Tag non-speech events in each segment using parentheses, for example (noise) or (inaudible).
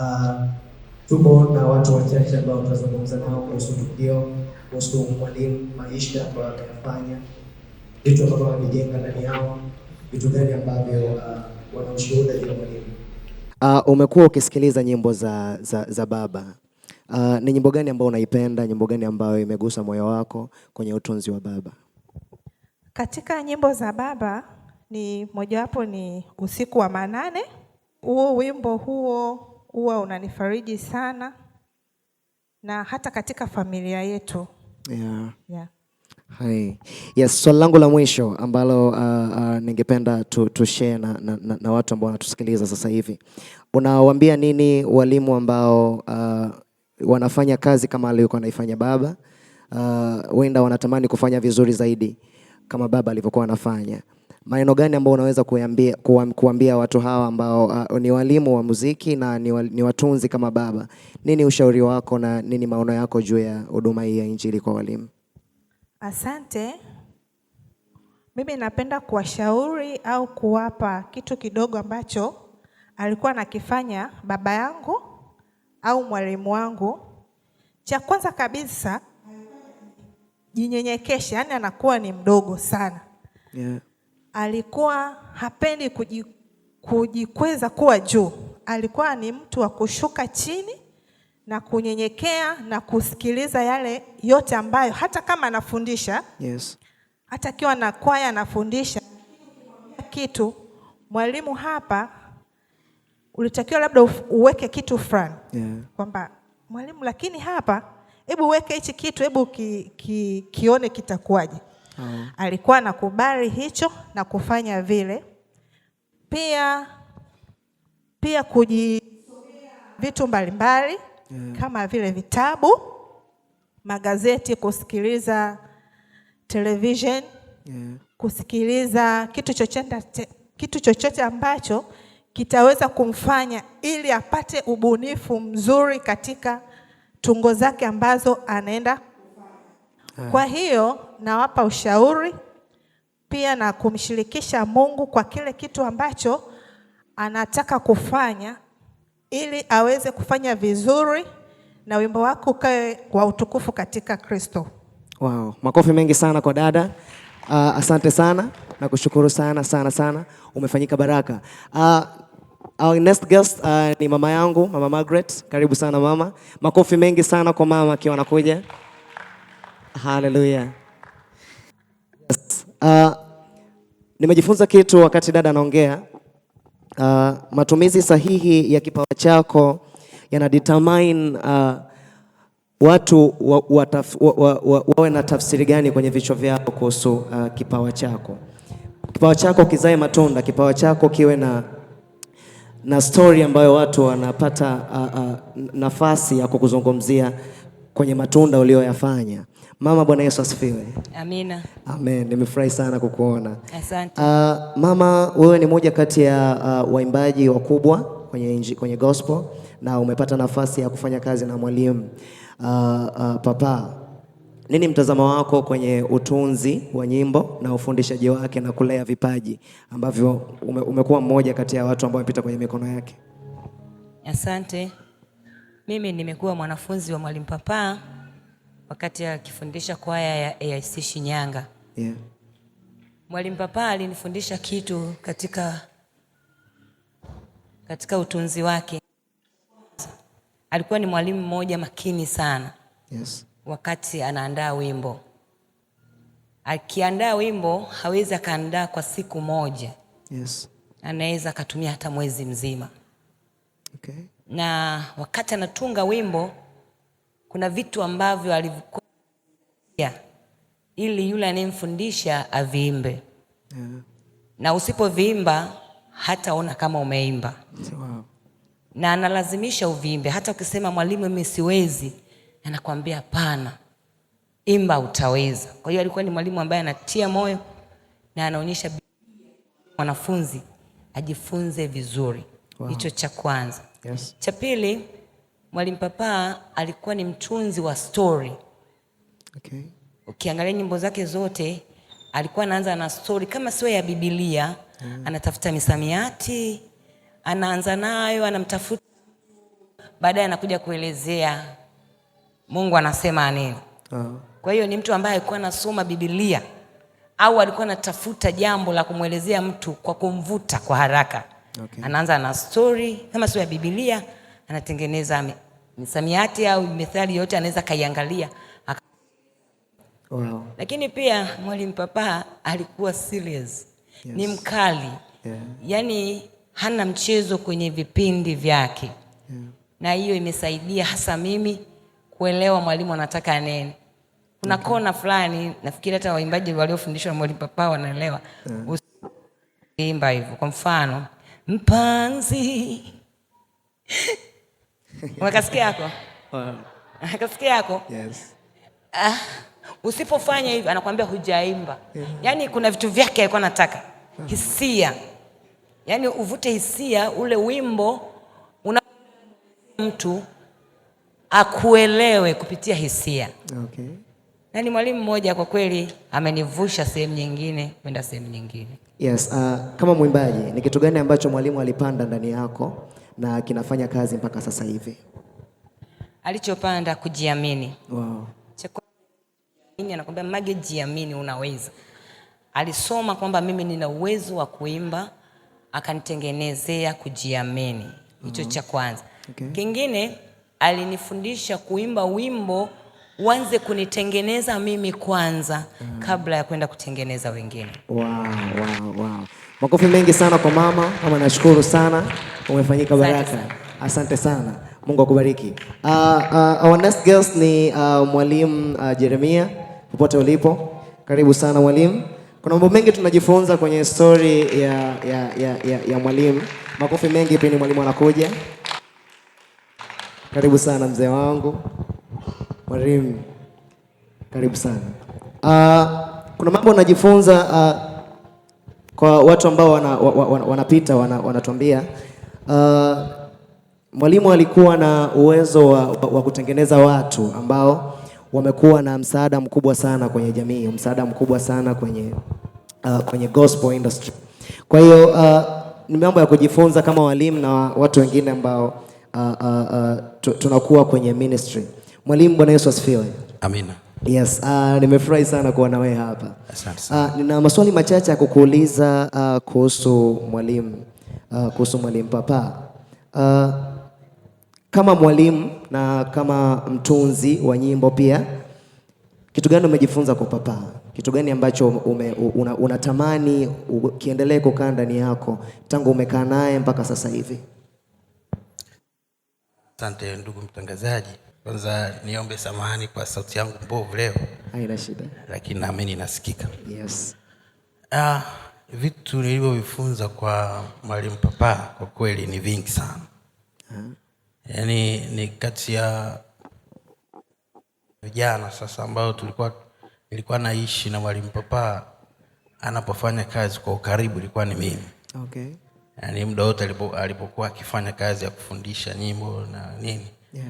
Uh, na watu wachache ambao tutazungumza nao kuhusu tukio, kuhusu mwalimu, maisha ambayo ameyafanya, vitu ambavyo wamejenga ndani yao, vitu gani ambavyo uh, ah, wanaushuhuda juu ya mwalimu. Uh, umekuwa ukisikiliza nyimbo za, za, za baba uh, ni nyimbo gani ambayo unaipenda? Nyimbo gani ambayo imegusa moyo wako kwenye utunzi wa baba? Katika nyimbo za baba ni mojawapo ni usiku wa manane. Huo wimbo huo huwa unanifariji sana na hata katika familia yetu yeah. Yeah. Hai. Yes, swali langu la mwisho ambalo uh, uh, ningependa tu, tu share na, na, na watu ambao wanatusikiliza sasa hivi. Unawaambia nini walimu ambao uh, wanafanya kazi kama alivyokuwa anaifanya baba, uh, huenda uh, wanatamani kufanya vizuri zaidi kama baba alivyokuwa anafanya? maneno gani ambayo unaweza kuambia, kuambia watu hawa ambao uh, ni walimu wa muziki na ni, wa, ni watunzi kama baba? Nini ushauri wako na nini maono yako juu ya huduma hii ya injili kwa walimu? Asante. Mimi napenda kuwashauri au kuwapa kitu kidogo ambacho alikuwa anakifanya baba yangu au mwalimu wangu. Cha kwanza kabisa, jinyenyekeshe, yaani anakuwa ni mdogo sana yeah alikuwa hapendi kujikweza kuwa juu, alikuwa ni mtu wa kushuka chini na kunyenyekea na kusikiliza yale yote ambayo hata kama anafundisha yes. Hata akiwa na kwaya anafundisha kitu, mwalimu, hapa ulitakiwa labda uweke kitu fulani yeah. Kwamba mwalimu, lakini hapa hebu uweke hichi kitu, hebu ki, ki, kione kitakuwaje mm. Alikuwa anakubali hicho na kufanya vile, pia pia kujisomea vitu mbalimbali mm. kama vile vitabu, magazeti, kusikiliza television mm. kusikiliza kitu chochote kitu chochote ambacho kitaweza kumfanya ili apate ubunifu mzuri katika tungo zake ambazo anaenda Eh. Kwa hiyo nawapa ushauri pia na kumshirikisha Mungu kwa kile kitu ambacho anataka kufanya ili aweze kufanya vizuri na wimbo wako ukae wa utukufu katika Kristo. Wow, makofi mengi sana kwa dada. Uh, asante sana na kushukuru sana sana sana, umefanyika baraka. Uh, our next guest uh, ni mama yangu, Mama Margaret. Karibu sana mama. Makofi mengi sana kwa mama akiwa anakuja. Haleluya. Yes. Uh, nimejifunza kitu wakati dada anaongea. Uh, matumizi sahihi ya kipawa chako yana determine uh, watu wawe wa, wa, wa, wa na tafsiri gani kwenye vichwa vyao kuhusu uh, kipawa chako. Kipawa chako kizae matunda, kipawa chako kiwe na na story ambayo watu wanapata uh, uh, nafasi ya kukuzungumzia kwenye matunda uliyoyafanya. Mama, Bwana Yesu asifiwe. Amina. Amen. Nimefurahi sana kukuona. Asante. Uh, mama, wewe ni moja kati ya uh, waimbaji wakubwa kwenye, inji, kwenye gospel na umepata nafasi ya kufanya kazi na mwalimu uh, uh, Papa. Nini mtazamo wako kwenye utunzi wa nyimbo na ufundishaji wake na kulea vipaji ambavyo ume, umekuwa mmoja kati ya watu ambao wamepita kwenye mikono yake? Asante. Mimi nimekuwa mwanafunzi wa mwalimu Papa wakati akifundisha kwaya ya AIC Shinyanga. Yeah. Mwalimu Papa alinifundisha kitu katika, katika utunzi wake. Alikuwa ni mwalimu mmoja makini sana. Yes. Wakati anaandaa wimbo, akiandaa wimbo hawezi akaandaa kwa siku moja. Yes. Anaweza akatumia hata mwezi mzima. Okay. Na wakati anatunga wimbo kuna vitu ambavyo alivia ili yule anayemfundisha aviimbe yeah. na usipoviimba hata ona kama umeimba wow. na analazimisha uviimbe. Hata ukisema mwalimu, mimi siwezi, anakwambia hapana, imba, utaweza. Kwa hiyo alikuwa ni mwalimu ambaye anatia moyo na anaonyesha mwanafunzi ajifunze vizuri. Hicho wow. cha kwanza yes. cha pili Mwalimu Papa alikuwa ni mtunzi wa stori. Okay. Ukiangalia nyimbo zake zote alikuwa anaanza na stori kama sio ya Biblia, Hmm. Anatafuta misamiati, anaanza nayo, anamtafuta, baadaye anakuja kuelezea Mungu anasema nini. Uh-huh. Kwa hiyo ni mtu ambaye alikuwa anasoma Biblia au alikuwa anatafuta jambo la kumwelezea mtu kwa kumvuta kwa haraka. Okay. Anaanza na stori kama sio ya Biblia anatengeneza samiati au methali yote anaweza kaiangalia. Wow. Lakini pia Mwalimu papa alikuwa serious. Yes. Ni mkali. Yeah. Yaani hana mchezo kwenye vipindi vyake. Yeah. Na hiyo imesaidia hasa mimi kuelewa mwalimu anataka nini. Kuna okay, kona fulani nafikiri hata waimbaji waliofundishwa na Mwalimu papa wanaelewa. Yeah. Imba hivyo. Kwa mfano, mpanzi Weka yako. Weka yako. Yes. Ah, usipofanya hivyo anakuambia hujaimba. Yeah. Yaani kuna vitu vyake alikuwa nataka Hisia. Yaani uvute hisia ule wimbo una mtu akuelewe kupitia hisia. Okay. nani mwalimu mmoja kwa kweli amenivusha sehemu nyingine kwenda sehemu nyingine. Yes, uh, kama mwimbaji ni kitu gani ambacho mwalimu alipanda ndani yako na kinafanya kazi mpaka sasa hivi. Alichopanda kujiamini. Wow. Anakwambia Mage, jiamini, unaweza. Alisoma kwamba mimi nina uwezo wa kuimba, akanitengenezea kujiamini hicho, mm -hmm. cha kwanza. Okay. Kingine alinifundisha kuimba wimbo uanze kunitengeneza mimi kwanza, mm -hmm. kabla ya kwenda kutengeneza wengine. wow, wow, wow. Makofi mengi sana kwa mama. Mama, nashukuru sana, umefanyika baraka. Asante sana, Mungu akubariki. Uh, uh, our next guest ni uh, mwalimu uh, Jeremia, popote ulipo, karibu sana mwalimu. Kuna mambo mengi tunajifunza kwenye story ya, ya, ya, ya, ya mwalimu. Makofi mengi pini mwalimu anakuja. Karibu sana mzee wangu mwalimu, karibu sana. Uh, kuna mambo unajifunza uh, kwa watu ambao wana, wana, wanapita wanatuambia uh, mwalimu alikuwa na uwezo wa, wa kutengeneza watu ambao wamekuwa na msaada mkubwa sana kwenye jamii, msaada mkubwa sana kwenye, uh, kwenye gospel industry. Kwa hiyo uh, ni mambo ya kujifunza kama walimu na watu wengine ambao uh, uh, uh, tunakuwa kwenye ministry. Mwalimu, Bwana Yesu asifiwe. Amina. Yes, uh, nimefurahi sana kuwa na wewe hapa. Uh, nina maswali machache ya kukuuliza uh, kuhusu mwalimu uh, kuhusu mwalimu Papa uh, kama mwalimu na kama mtunzi wa nyimbo pia, kitu gani umejifunza kwa Papaa? Kitu gani ambacho ume, una, unatamani kiendelee kukaa ndani yako tangu umekaa naye mpaka sasa hivi? Asante ndugu mtangazaji. Kwanza niombe samahani kwa sauti yangu mbovu leo. Haina shida. Lakini naamini nasikika. Yes. Ah, vitu nilivyovifunza kwa Mwalimu papa kwa kweli ni vingi sana. Ah. yani ni kati ya vijana sasa ambao tulikuwa nilikuwa naishi na Mwalimu papa anapofanya kazi kwa ukaribu ilikuwa ni mimi. Okay. Yaani muda wote alipokuwa akifanya kazi ya kufundisha nyimbo na nini. Yeah.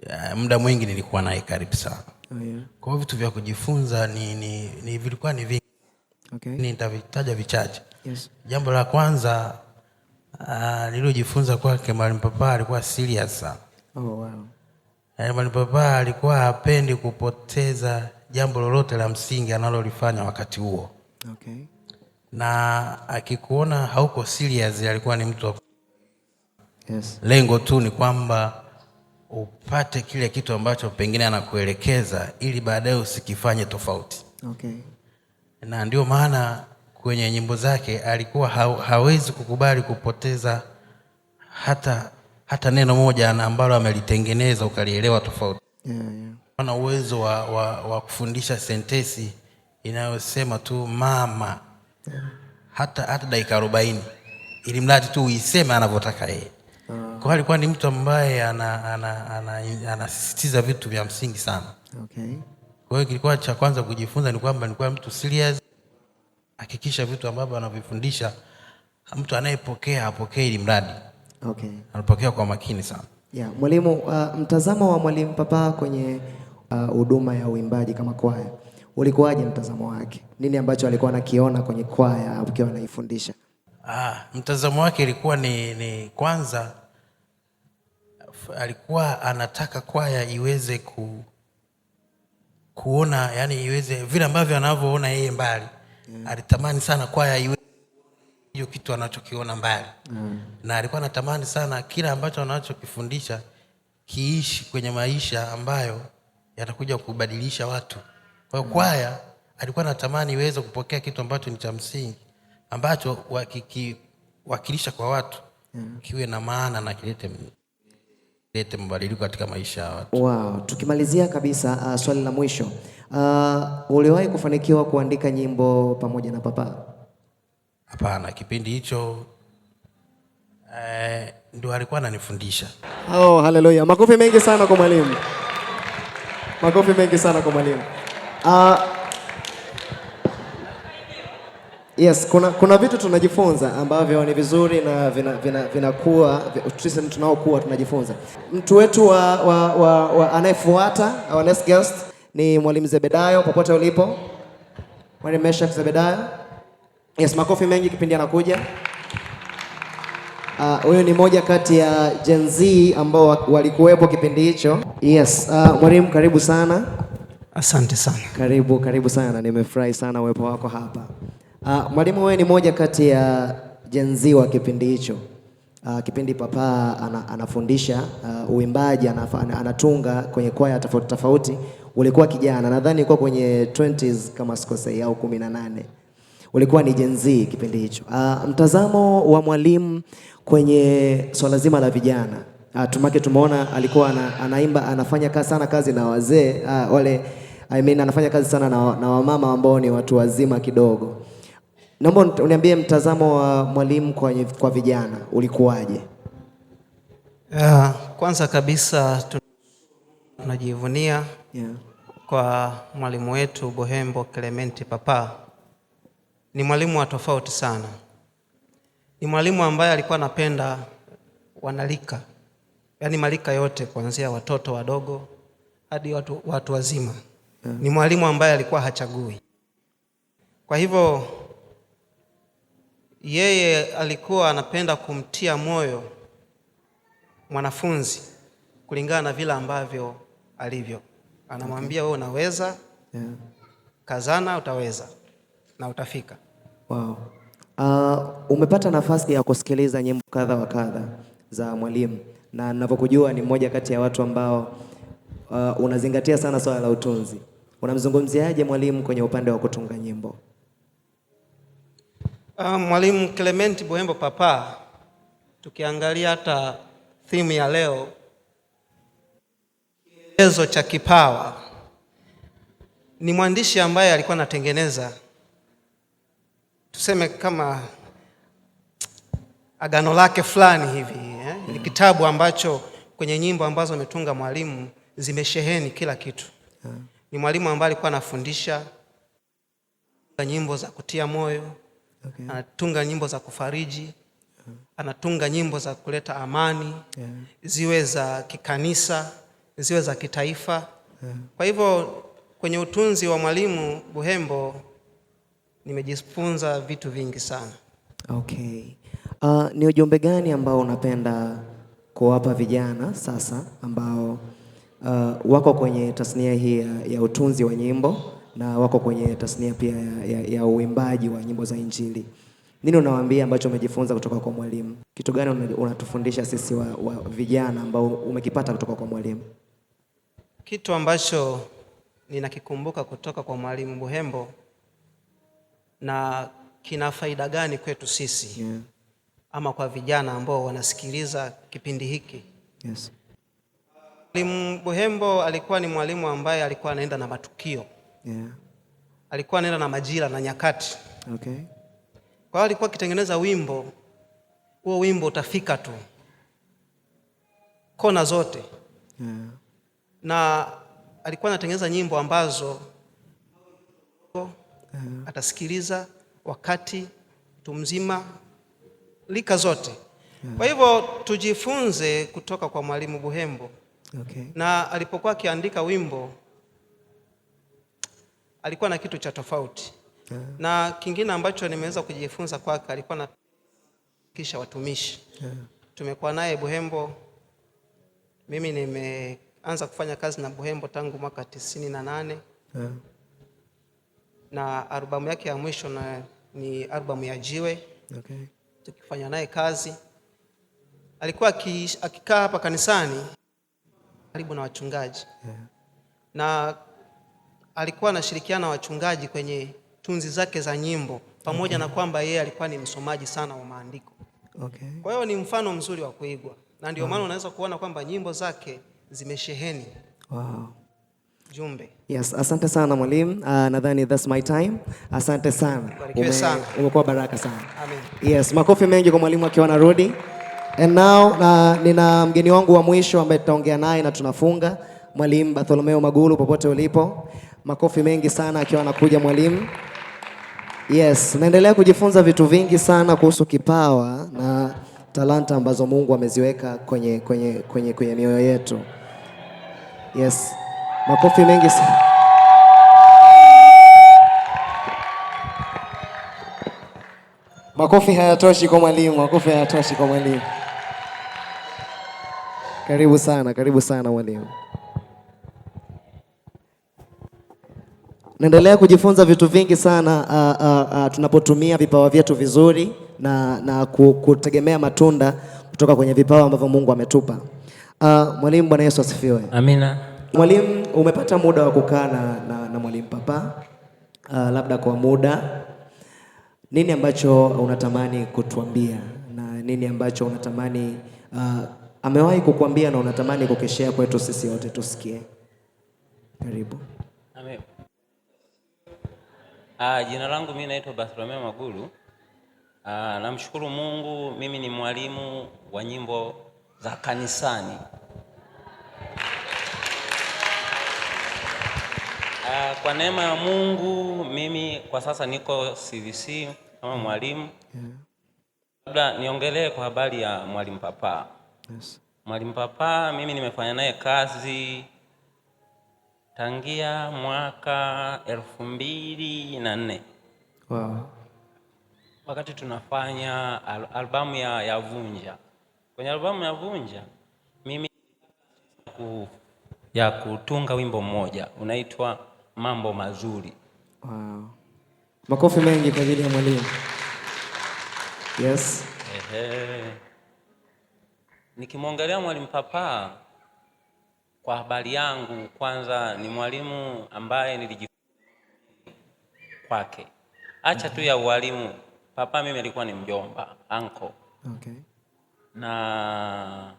Eh, muda mwingi nilikuwa naye karibu sana. Oh, yeah. Kwa hiyo vitu vya kujifunza ni, ni, ni vilikuwa ni vingi. Okay. Nitavitaja vichache. Yes. Jambo la kwanza ah, nililojifunza kwake Mwalimu alikuwa serious sana. Oh, wow. Eh, mwalimu alikuwa hapendi kupoteza jambo lolote la msingi analolifanya wakati huo. Okay. Na akikuona hauko serious alikuwa ni mtu wa Yes. Lengo tu ni kwamba upate kile kitu ambacho pengine anakuelekeza ili baadaye usikifanye tofauti. Okay. Na ndio maana kwenye nyimbo zake alikuwa hawezi kukubali kupoteza hata, hata neno moja ambalo amelitengeneza ukalielewa tofauti. Yeah, yeah. Ana uwezo wa, wa, wa kufundisha sentesi inayosema tu mama, yeah. Hata, hata dakika arobaini ili mradi tu uiseme anavyotaka yeye kwa alikuwa ni mtu ambaye anasisitiza ana, ana, vitu vya msingi sana okay. Kwa hiyo kilikuwa cha kwanza kujifunza ni kwamba nilikuwa mtu serious, hakikisha vitu ambavyo anavifundisha mtu anayepokea apokee ili mradi okay. Anapokea kwa makini sana yeah. Mwalimu, uh, mtazamo wa Mwalimu papa kwenye uh, huduma uh, ya uimbaji kama kwaya ulikuwaje? Mtazamo wake nini ambacho alikuwa anakiona kwenye kwaya akiwa anaifundisha? Ah, mtazamo wake ilikuwa ni, ni kwanza alikuwa anataka kwaya iweze ku, kuona yani iweze vile ambavyo anavyoona yeye mbali mm. Alitamani sana kwaya iwe hiyo kitu anachokiona mbali mm. Na alikuwa anatamani sana kila ambacho anachokifundisha kiishi kwenye maisha ambayo yatakuja kubadilisha watu. Kwa mm. kwaya alikuwa anatamani iweze kupokea kitu ambacho ni cha msingi ambacho wakikiwakilisha kwa watu mm. kiwe na maana na kilete lete mabadiliko katika maisha ya watu. Wow, tukimalizia kabisa uh, swali la mwisho uh, uliwahi kufanikiwa kuandika nyimbo pamoja na papa Hapana, kipindi hicho eh, ndio alikuwa ananifundisha. Oh, haleluya! Makofi mengi sana kwa mwalimu, makofi mengi sana kwa mwalimu uh, Yes, kuna, kuna vitu tunajifunza ambavyo ni vizuri na vinakuwa sisi tunaokuwa tunajifunza. Mtu wetu wa, wa, wa, wa anayefuata our next guest ni Mwalimu Zebedayo, popote ulipo Mwalimu Meshak Zebedayo. Yes, makofi mengi kipindi anakuja. Ah, huyu uh, ni moja kati ya Gen Z ambao walikuwepo kipindi hicho. Yes, uh, mwalimu karibu sana. Asante sana. Karibu, karibu sana. Nimefurahi sana uwepo wako hapa. Uh, mwalimu wewe ni moja kati ya Gen Z wa kipindi hicho. Uh, kipindi papa ana, anafundisha uh, uimbaji ana, anatunga kwenye kwaya tofauti tofauti. Ulikuwa kijana nadhani ulikuwa kwenye 20s kama sikosei au 18. Ulikuwa ni Gen Z kipindi hicho. Uh, mtazamo wa mwalimu kwenye swala zima la vijana uh, tumake tumeona alikuwa ana, anaimba anafanya kazi sana kazi na wazee uh, wale I mean, anafanya kazi sana na, na wamama ambao ni watu wazima kidogo. Naomba uniambie mtazamo wa mwalimu kwa, kwa vijana ulikuwaje? Uh, kwanza kabisa tunajivunia yeah, kwa mwalimu wetu bohembo Clement Papa. Ni mwalimu wa tofauti sana, ni mwalimu ambaye alikuwa anapenda wanalika, yaani malika yote kuanzia watoto wadogo hadi watu, watu wazima yeah. Ni mwalimu ambaye alikuwa hachagui, kwa hivyo yeye alikuwa anapenda kumtia moyo mwanafunzi kulingana na vile ambavyo alivyo. Anamwambia wewe unaweza, yeah. Kazana, utaweza na utafika. Wow. Uh, umepata nafasi ya kusikiliza nyimbo kadha wa kadha za mwalimu na ninavyokujua ni mmoja kati ya watu ambao uh, unazingatia sana swala la utunzi. Unamzungumziaje mwalimu kwenye upande wa kutunga nyimbo? Uh, Mwalimu Clement Buhembo Papa, tukiangalia hata theme ya leo, kielezo cha kipawa, ni mwandishi ambaye alikuwa anatengeneza tuseme kama agano lake fulani hivi eh? Ni mm-hmm. kitabu ambacho kwenye nyimbo ambazo ametunga mwalimu zimesheheni kila kitu. Ni mwalimu ambaye alikuwa anafundisha nyimbo za kutia moyo okay. Anatunga nyimbo za kufariji anatunga nyimbo za kuleta amani yeah. Ziwe za kikanisa, ziwe za kitaifa yeah. Kwa hivyo kwenye utunzi wa Mwalimu Buhembo nimejifunza vitu vingi sana. Okay. Uh, ni ujumbe gani ambao unapenda kuwapa vijana sasa ambao uh, wako kwenye tasnia hii ya utunzi wa nyimbo na wako kwenye tasnia pia ya, ya, ya uimbaji wa nyimbo za Injili. Nini unawaambia ambacho umejifunza kutoka kwa mwalimu? Kitu gani unatufundisha sisi wa, wa vijana ambao umekipata kutoka kwa mwalimu? Kitu ambacho ninakikumbuka kutoka kwa mwalimu Buhembo na kina faida gani kwetu sisi yeah. ama kwa vijana ambao wanasikiliza kipindi hiki yes. Mwalimu Buhembo alikuwa ni mwalimu ambaye alikuwa anaenda na matukio yeah. Alikuwa anaenda na majira na nyakati okay. Kwa hiyo alikuwa akitengeneza wimbo huo, wimbo utafika tu kona zote yeah. Na alikuwa anatengeneza nyimbo ambazo yeah. Atasikiliza wakati mtu mzima lika zote yeah. Kwa hivyo tujifunze kutoka kwa Mwalimu Buhembo okay. Na alipokuwa akiandika wimbo alikuwa na kitu cha tofauti yeah. Na kingine ambacho nimeweza kujifunza kwake, alikuwa na kisha watumishi yeah. Tumekuwa naye Buhembo, mimi nimeanza kufanya kazi na Buhembo tangu mwaka tisini na nane yeah. Na albamu yake ya mwisho na ni albamu ya Jiwe okay. Tukifanya naye kazi alikuwa akikaa hapa kanisani karibu na wachungaji yeah. na alikuwa anashirikiana wachungaji kwenye tunzi zake za nyimbo pamoja okay. na kwamba yeye alikuwa ni msomaji sana wa maandiko okay. Kwa hiyo ni mfano mzuri wa kuigwa na ndio wow. maana unaweza kuona kwamba nyimbo zake zimesheheni wow. jumbe. Yes, asante sana mwalimu. Uh, nadhani that's my time. Asante sana, umekuwa baraka sana. Amen. Yes, makofi mengi kwa mwalimu akiwa narudi And now uh, nina mgeni wangu wa mwisho ambaye tutaongea naye na tunafunga, mwalimu Bartholomeo Magulu, popote ulipo Makofi mengi sana akiwa anakuja mwalimu. Yes, naendelea kujifunza vitu vingi sana kuhusu kipawa na talanta ambazo Mungu ameziweka kwenye, kwenye, kwenye, kwenye mioyo yetu. Yes. Makofi mengi sana. Makofi hayatoshi kwa mwalimu, makofi hayatoshi kwa mwalimu. Karibu sana, karibu sana mwalimu. Naendelea kujifunza vitu vingi sana a, a, a, tunapotumia vipawa vyetu vizuri na, na kutegemea matunda kutoka kwenye vipawa ambavyo Mungu ametupa. Uh, mwalimu, Bwana Yesu asifiwe. Amina. Mwalimu, umepata muda wa kukaa na, na, na mwalimu Papa a, uh, labda kwa muda, nini ambacho unatamani kutuambia na nini ambacho unatamani a, uh, amewahi kukuambia na unatamani kukeshea kwetu sisi wote tusikie? Karibu. Ah, jina langu mimi naitwa Bartholomeo Maguru. Ah, namshukuru Mungu mimi ni mwalimu wa nyimbo za kanisani. Ah, kwa neema ya Mungu mimi kwa sasa niko CVC kama mwalimu. Labda niongelee kwa habari ya Mwalimu Papa. Yes. Mwalimu Papa mimi nimefanya naye kazi tangia mwaka elfu mbili na nne wow. wakati tunafanya al albamu ya, ya Vunja. Kwenye albamu ya Vunja mimi ya kutunga wimbo mmoja unaitwa Mambo Mazuri. wow. Makofi mengi kwa ajili ya mwalimu. Yes. nikimwongelea Mwalimu Papaa kwa habari yangu, kwanza ni mwalimu ambaye nilijifunza kwake, acha tu ya ualimu. Papa mimi alikuwa ni mjomba anko, okay. na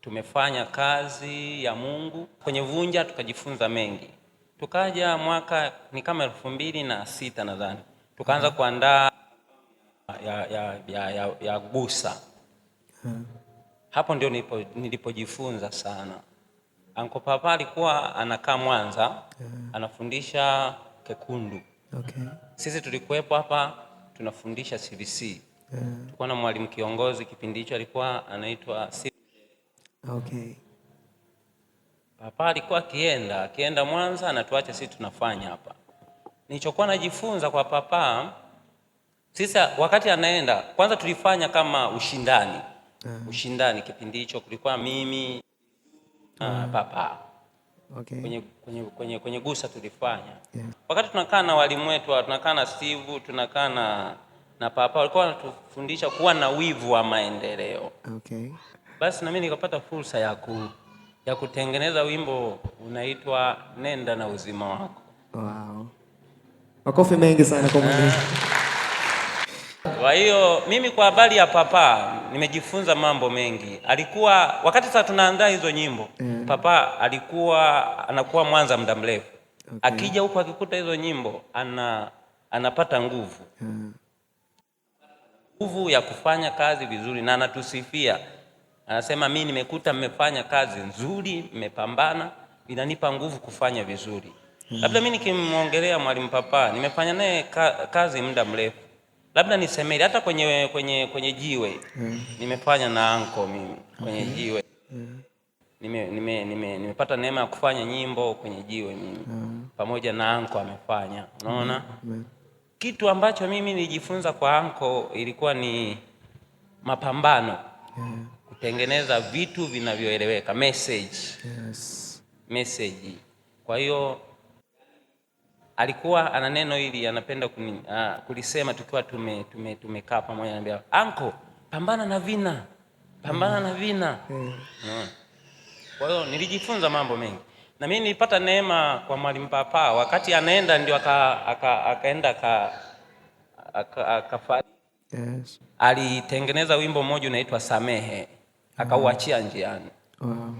tumefanya kazi ya Mungu kwenye Vunja, tukajifunza mengi. Tukaja mwaka ni kama elfu mbili na sita nadhani, tukaanza kuandaa ya, ya, ya, ya, ya Gusa. Hapo ndio nilipojifunza sana Anko Papa alikuwa anakaa Mwanza yeah. Anafundisha Kekundu okay. Sisi tulikuwepo hapa tunafundisha CVC yeah. Tulikuwa na mwalimu kiongozi kipindi hicho alikuwa anaitwa okay. Papa alikuwa akienda akienda Mwanza anatuacha sisi tunafanya hapa. Nilichokuwa najifunza kwa Papa sisa, wakati anaenda kwanza tulifanya kama ushindani yeah. Ushindani kipindi hicho kulikuwa mimi Ah, ah. Papa okay. Kwenye, kwenye, kwenye, kwenye gusa tulifanya yeah. Wakati tunakaa na walimu wetu tunakaa na Steve tunakaa na na papa walikuwa wanatufundisha kuwa na wivu wa maendeleo okay. Basi nami nikapata fursa ya, ku, ya kutengeneza wimbo unaitwa Nenda na Uzima Wako. Wow. Makofi mengi sana kwa kwa hiyo mimi kwa habari ya Papa nimejifunza mambo mengi. Alikuwa wakati sasa tunaandaa hizo nyimbo mm. Papa alikuwa anakuwa Mwanza muda mrefu okay. Akija huko akikuta hizo nyimbo ana, anapata nguvu mm. ya kufanya kazi vizuri, na anatusifia anasema, mimi nimekuta mmefanya kazi nzuri, mmepambana, inanipa nguvu kufanya vizuri mm. Labda mimi nikimwongelea mwalimu Papa, nimefanya naye kazi muda mrefu labda nisemeli hata kwenye, kwenye, kwenye jiwe mm. nimefanya na anko mimi kwenye jiwe mm. nime, nime, nime, nimepata neema ya kufanya nyimbo kwenye jiwe mimi mm. pamoja na anko amefanya, unaona mm. kitu ambacho mimi nilijifunza kwa anko ilikuwa ni mapambano kutengeneza vitu vinavyoeleweka message. Yes. Message. Kwa hiyo alikuwa ana neno hili anapenda kuni, uh, kulisema tukiwa tumekaa tume, tumekaa pamoja, anambia anko, pambana na vina, pambana mm. na vina mm. no. Kwa hiyo nilijifunza mambo mengi na mimi nilipata neema kwa mwalimu Papa, wakati anaenda ndio aka, aka, akaenda aka, aka, yes. Alitengeneza wimbo mmoja unaitwa Samehe, akauachia njiani. wow.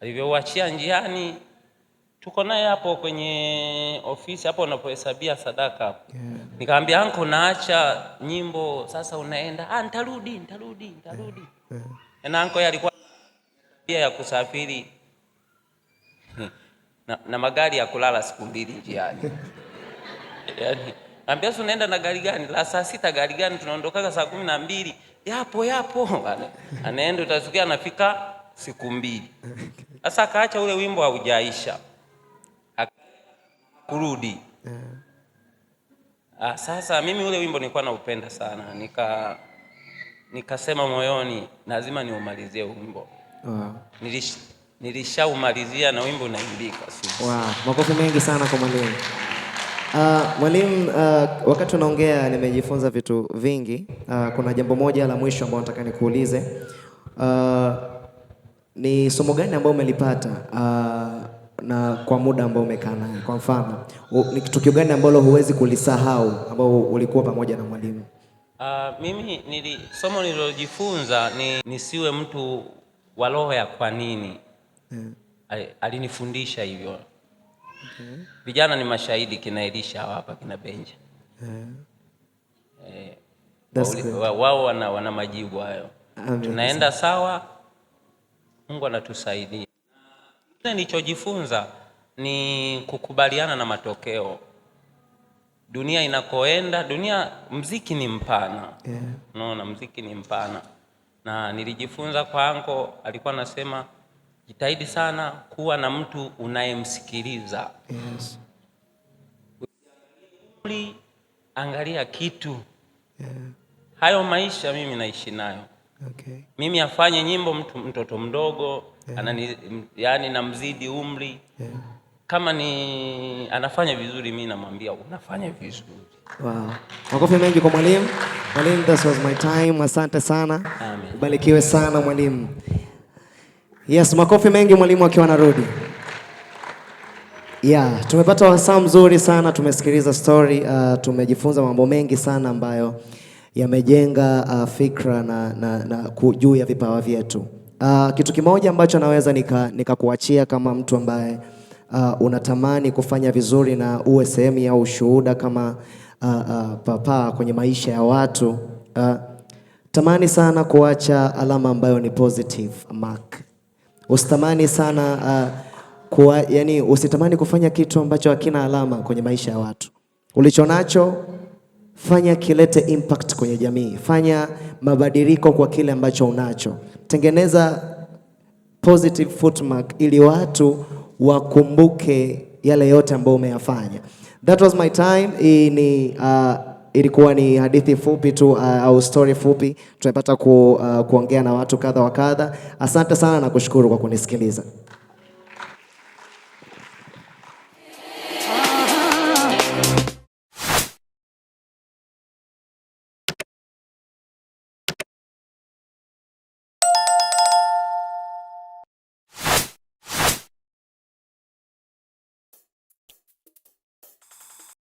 Alivyouachia njiani tuko naye hapo kwenye ofisi hapo unapohesabia sadaka hapo yeah. Nikamwambia anko, naacha nyimbo sasa, unaenda ah, nitarudi nitarudi nitarudi yeah. Yeah. Na anko alikuwa pia ya kusafiri (laughs) na, na magari ya kulala siku mbili njiani (laughs) yani, ambia si unaenda na gari gani? La saa sita gari gani? tunaondokaga saa kumi na mbili yapo yapo, (laughs) anaenda utasikia anafika siku mbili. Sasa akaacha ule wimbo haujaisha kurudi yeah. Ah, sasa mimi ule wimbo nilikuwa naupenda sana, nika nikasema moyoni lazima niumalizie wimbo wow. Nilish, nilishaumalizia na wimbo unaimbika. Wow. Makofi mengi sana kwa mwalimu. Uh, mwalimu, uh, wakati unaongea nimejifunza vitu vingi. Uh, kuna jambo moja la mwisho ambalo nataka nikuulize. Uh, ni somo gani ambao umelipata uh, na kwa muda ambao umekaa naye. Kwa mfano, ni tukio gani ambalo huwezi kulisahau ambao ulikuwa pamoja na mwalimu? Uh, mimi nili, somo nililojifunza ni nisiwe mtu wa roho ya kwa nini yeah. Al, alinifundisha hivyo okay. Vijana ni mashahidi, kina Elisha hapa kina Benja yeah. Eh, eh wao wana, wana majibu hayo. Tunaenda sawa, Mungu anatusaidia. Nilichojifunza ni kukubaliana na matokeo. Dunia inakoenda, dunia, mziki ni mpana yeah. mziki ni mpana, na nilijifunza kwa anko, alikuwa anasema jitahidi sana kuwa na mtu unayemsikiliza yes. Angalia kitu yeah. Hayo maisha mimi naishi nayo okay. Mimi afanye nyimbo mtu mtoto mdogo yeah. Anani, yani namzidi umri yeah. Kama ni anafanya vizuri, mi namwambia unafanya vizuri. Wow. Makofi mengi kwa mwalimu. Mwalimu, this was my time. Asante sana. Amen. Ubarikiwe sana mwalimu. Yes, makofi mengi mwalimu akiwa anarudi. Yeah, tumepata wasaa mzuri sana, tumesikiliza story, uh, tumejifunza mambo mengi sana ambayo yamejenga uh, fikra na, na, na juu ya vipawa vyetu. Uh, kitu kimoja ambacho naweza nikakuachia nika kama mtu ambaye uh, unatamani kufanya vizuri na uwe sehemu ya ushuhuda kama uh, uh, papa kwenye maisha ya watu uh, tamani sana kuacha alama ambayo ni positive mark. Usitamani sana uh, kuwa, yani usitamani kufanya kitu ambacho hakina alama kwenye maisha ya watu. Ulichonacho fanya kilete impact kwenye jamii, fanya mabadiliko kwa kile ambacho unacho tengeneza positive footmark ili watu wakumbuke yale yote ambayo umeyafanya. That was my time. Hii ni uh, ilikuwa ni hadithi fupi tu uh, au story fupi. Tumepata ku, uh, kuongea na watu kadha wa kadha. Asante sana na kushukuru kwa kunisikiliza.